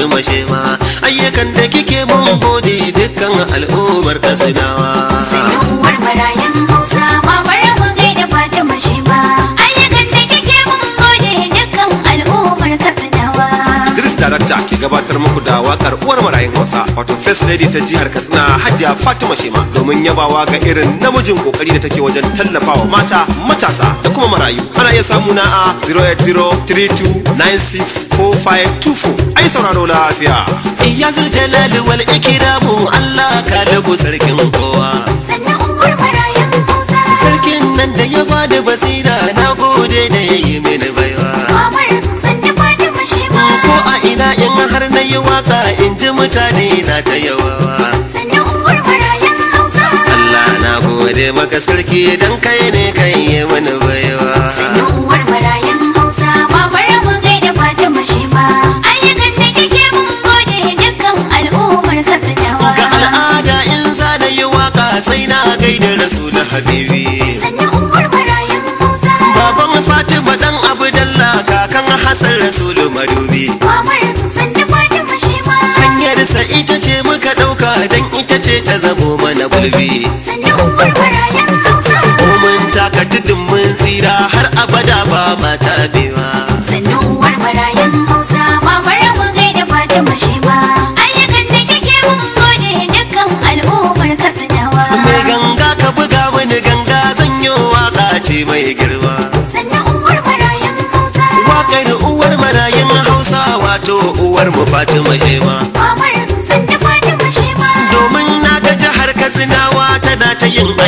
tumashe ma ayyukan da kike mun gode dukkan al'umar kasinawa da wakar uwar marayun hausa wato first lady ta jihar katsina hajiya fatima shema domin yabawa ga irin namijin kokari da take wajen tallafawa mata matasa da kuma marayu ana iya samu na a 08032964524 ai sauraro lafiya iya zuljalal wal ikramu allah ka lagu sarkin kowa sarkin nan da ya bada basira na gode da yayi mini bayo mutane na ta yawa Allah na gode maka sarki idan kai ne kai yi wani baiwa ita ce ta zamo mana gulbi mun taka tudun mun tsira har abada ba ma ta bewa sannan warwara yan hausa ba mara mu gaida fatima shi ba ayyukan da kike mun gode dukkan al'ummar katsinawa mai ganga ka buga wani ganga zanyo waka ce mai girma sannan warwara yan hausa wakar uwar marayan hausa wato uwar mu fatima shema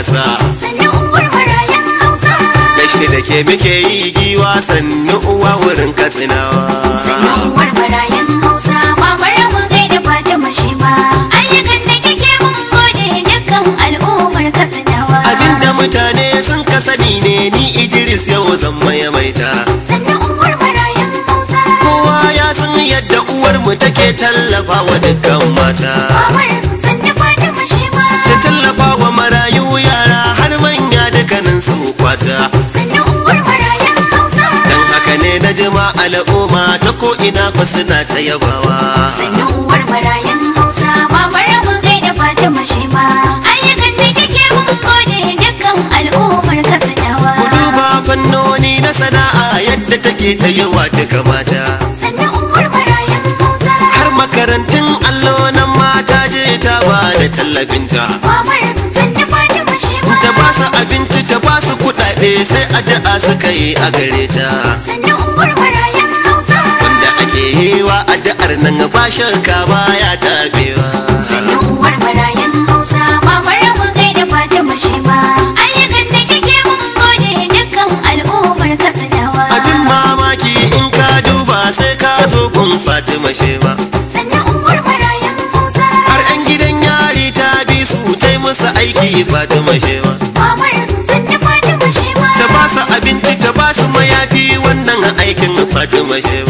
matasa sannu uwar marayan hausa gaishe da ke muke yi giwa sannu uwa wurin katsinawa sannu uwar marayan hausa mamar da bata fatima shema ayyukan da kike mun gode dukkan al'ummar katsinawa abinda mutane sun ka ne ni idris yau ya maita. sannu uwar marayan hausa kowa ya san yadda uwar mu take tallafa wa dukkan mata al'umma ta ko ina ku suna ta yabawa sannan uwar barayin hausa ma mu kai da fatima ma ayyukan da kike mun gode dukkan al'ummar katsinawa ku duba fannoni na sana'a yadda take ta yawa duka mata sannan uwar barayin hausa har makarantun allo nan mata je ta ba da tallafinta mamar sannan fatima shema ta ba su abinci ta ba su kuɗaɗe sai addu'a suka yi a gare ta sannan uwar addu'ar nan ba shakka baya tabewa sannan uwar barayin hausa mamar mu gai da fatima shema ayyukan da kike mun gode dukkan al'ummar katsinawa abin mamaki in ka duba sai ka zo kun fatima shema sannan uwar barayin hausa har 'yan gidan yari ta bi su tai musu aiki fatima shema mamar sannan fatima shema ta ba su abinci ta ba su mayafi wannan aikin fatima shema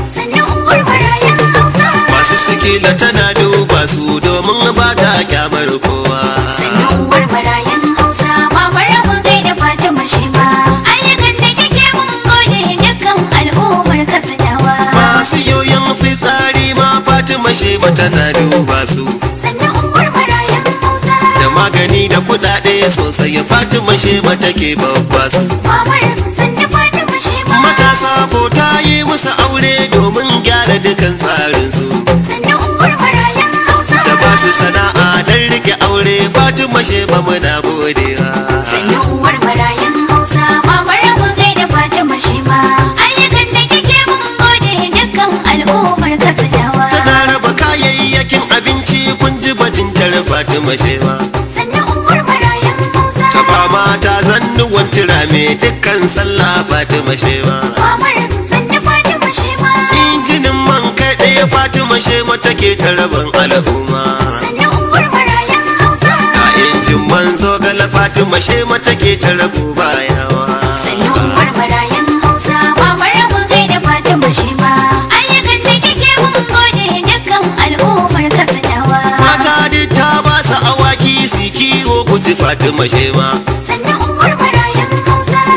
tana duba su da magani da kudade sosai ya fatima shema take babba su matasa ko ta yi musu aure domin gyara dukan tsarin su ta ba su sana'a don rike aure fatima shema muna fatima shewa sannan umar marayan musa ta fama ta zannuwan dukkan sallah fatima shewa kamar sannan fatima shewa injinin man kai daya fatima shewa take ta rabin al'umma sannan umar marayan hausa a injin man zogala fatima shewa take ta rabu bayawa fatima shema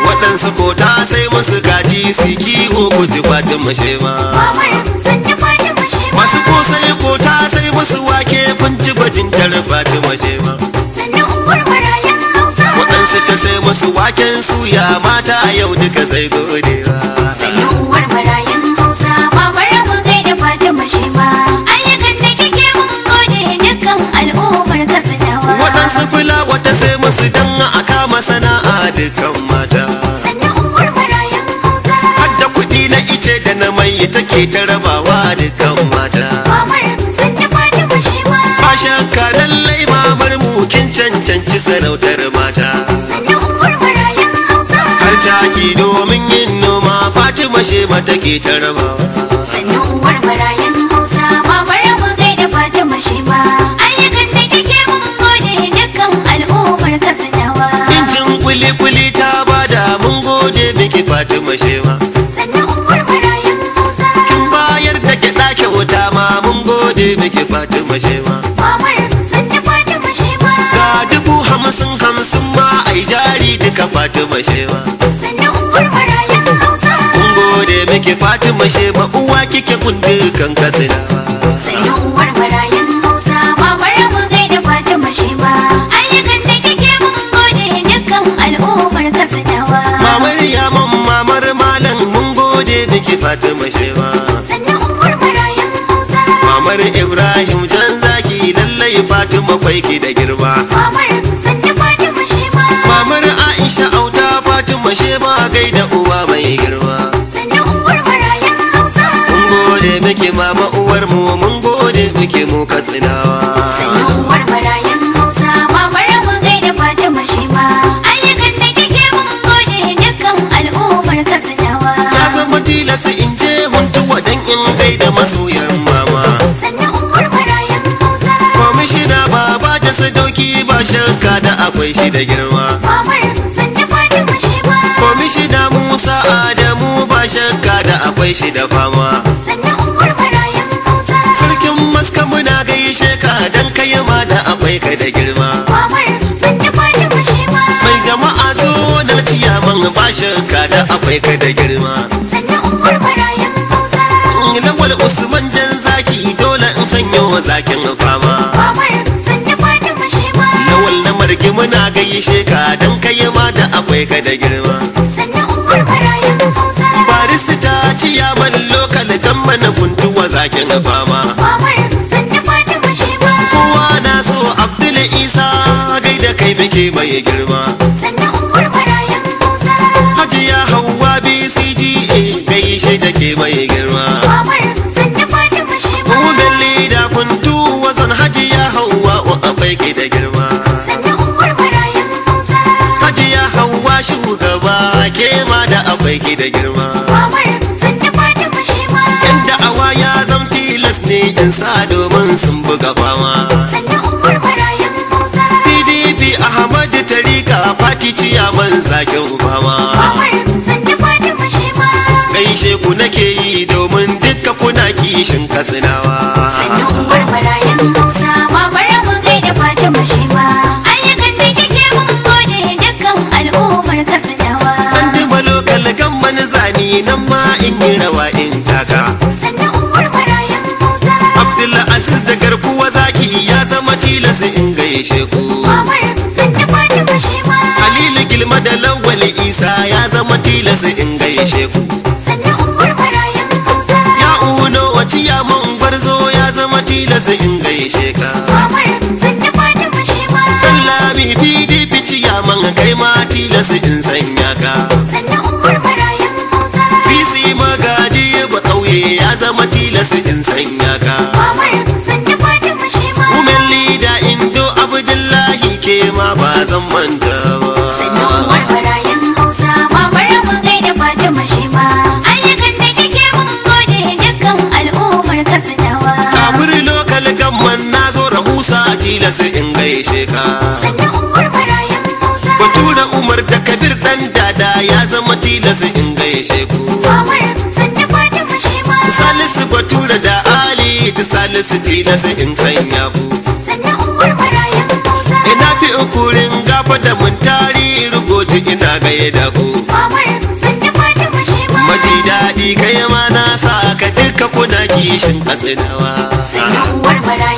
waɗansu kota sai musu kaji su kiwo ku ji fatima shema masu ko kosai kota sai musu wake kun ci gwajin tare fatima shema waɗansu ta sai musu waken suya mata yau duka sai godewa sannan uwar barayin hausa ba bara mu gaida fatima shema ayyukan da kike mun gode dukkan al'ummar katsinawa waɗansu dukan mata hadda kuɗi na ice da na mai take ta rabawa dukan mata ba shakka lallai mamar mu kin cancanci sarautar mata har taki domin yin noma fatima shema take ta rabawa sannan umar marayan hausa mamar mu gaida fatima shema mu je mamar sun yi fatima she ma ga dubu hamsin hamsin ma ai jari duka fatima she sannan uwar marayan hausa kun gode muke fatima she uwa kike kun dukan katsina sannan uwar marayan hausa mamar mu gaida fatima she ma ayyukan da kike mun gode dukkan al'ummar katsinawa mamar ya mamar malam mun gode muke fatima she akwai ki da girma mamar aisha auta fatin mamar aisha auta da gaida uwa mai girma sanya uwar hausa mun gode miki mama uwar mun gode miki mu katsinawa mu da kike mun gode al'ummar na san ma tilasta in je huntuwa in gaida shakka da akwai shi da girma komi shi da musa adamu ba shakka da akwai shi da fama sarkin maska muna gaishe ka Don kai ma da akwai ka da girma mai jama'a zo na ciyaman ba shakka da akwai ka da girma lawal usman jan zaki dole in sanyo zakin muna gaishe ka don kai ma da akwai ka da girma sannan umar barayin hausa barista ta ci ya man lokal kan mana funtuwa zakin fama kowa na so abdul isa da kai muke mai girma sannan umar barayin hausa hajiya hawa bcga gaishe da ke mai girma Umar Belli da funtuwa da girma mamar sun shi ma ya zam tilas ne yan sa domin sun buga fama sannan umar pdp ahmadu tarika fati man zakin obama mamar sun shi ma ku nake yi domin dukka kuna kishin katsinawa da lawal isa ya zama tilasa in gaishe ku sannan umar hausa ya uno waci ya mun gwarzo ya zama tilasa in gaishe ka sannan fatima shi ma Allah mi bidi fici ya man kai ma tilasa in sanya ka sannan umar hausa fisi magaji ba kauye ya zama tilasa in sanya ka sannan fatima shi ma umar lida indo abdullahi ke ma ba zan manta da su in gaishe ka bature umar da kabir ɗan dada ya zama tilas in gaishe ku salisu batura da ali ta salisu tilas in sanya ku ina fi ukurin gafa da mun rugoji ina gaye da ku maji daɗi kai ma na sa ka duka kuna kishin katsinawa sannan uwar